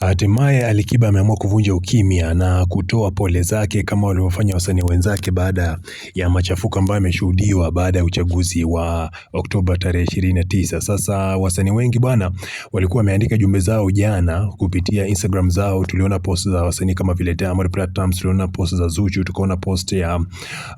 Hatimaye Alikiba ameamua kuvunja ukimya na kutoa pole zake kama walivyofanya wasanii wenzake baada ya machafuko ambayo yameshuhudiwa baada ya uchaguzi wa Oktoba tarehe 29. Sasa wasanii wengi bwana walikuwa wameandika jumbe zao jana kupitia Instagram zao. Tuliona post za wasanii kama vile Diamond Platnumz, tuliona post za Zuchu, tukaona post ya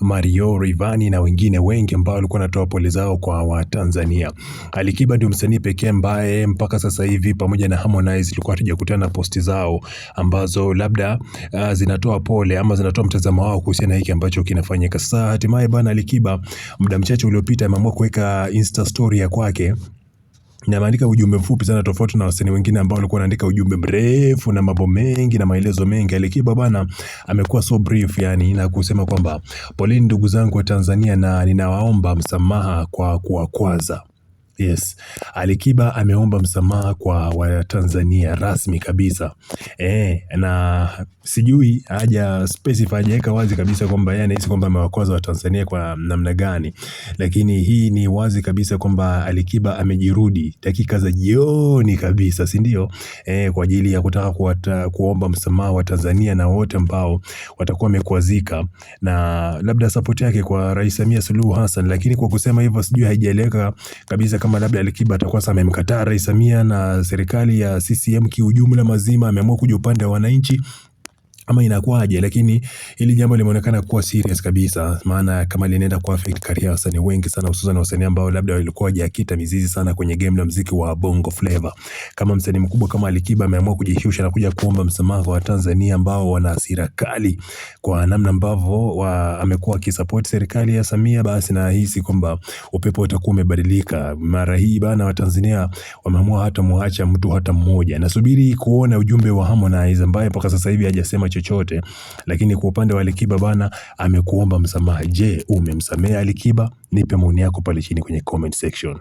Mario Rivani na wengine wengi ambao walikuwa wanatoa pole zao kwa Watanzania. Alikiba ndio msanii pekee ambaye mpaka sasa hivi pamoja na Harmonize tulikuwa hatujakutana posti zao ambazo labda uh, zinatoa pole ama zinatoa mtazamo wao kuhusiana na hiki ambacho kinafanyika sasa. Hatimaye bana, Alikiba muda mchache uliopita ameamua kuweka Insta story ya kwake na maandika ujumbe mfupi sana, tofauti na wasanii wengine ambao walikuwa wanaandika ujumbe mrefu na mambo mengi na maelezo mengi. Alikiba bana amekuwa so brief yani, na kusema kwamba poleni ndugu zangu wa Tanzania, na ninawaomba msamaha kwa kuwakwaza. Yes. Alikiba ameomba msamaha kwa Watanzania rasmi kabisa. E, na sijui haja specify wazi kabisa kwamba yeye anahisi kwamba amewakoza Watanzania kwa namna gani. Lakini hii ni wazi kabisa kwamba Alikiba amejirudi dakika za jioni kabisa, si ndio? E, kwa ajili ya kutaka kuwata, kuomba msamaha wa tanzania na wote ambao watakuwa wamekwazika na labda support yake kwa Rais Samia Suluhu Hassan, lakini kwa kusema hivyo sijui haijaeleweka kabisa kama labda Alikiba atakuwa sasa amemkataa Rais Samia na serikali ya CCM kiujumla mazima ameamua kuja upande wa wananchi, ama inakuwaje, lakini hili jambo limeonekana kuwa serious kabisa, maana kama linaenda ku affect career wasanii wengi sana, hususan wasanii ambao labda walikuwa hawajakita mizizi sana kwenye game la muziki wa Bongo Flava. Kama msanii mkubwa kama Alikiba ameamua kujishusha na kuja kuomba msamaha kwa Tanzania ambao wana hasira kali kwa namna ambavyo amekuwa akisupport serikali ya Samia, basi nahisi kwamba upepo utakuwa umebadilika mara hii bana. Watanzania wameamua hata muacha mtu hata mmoja. Nasubiri kuona ujumbe wa Harmonize ambaye mpaka sasa hivi hajasema chochote, lakini kwa upande wa Alikiba bana, amekuomba msamaha. Je, umemsamehe Alikiba? Nipe maoni yako pale chini kwenye comment section.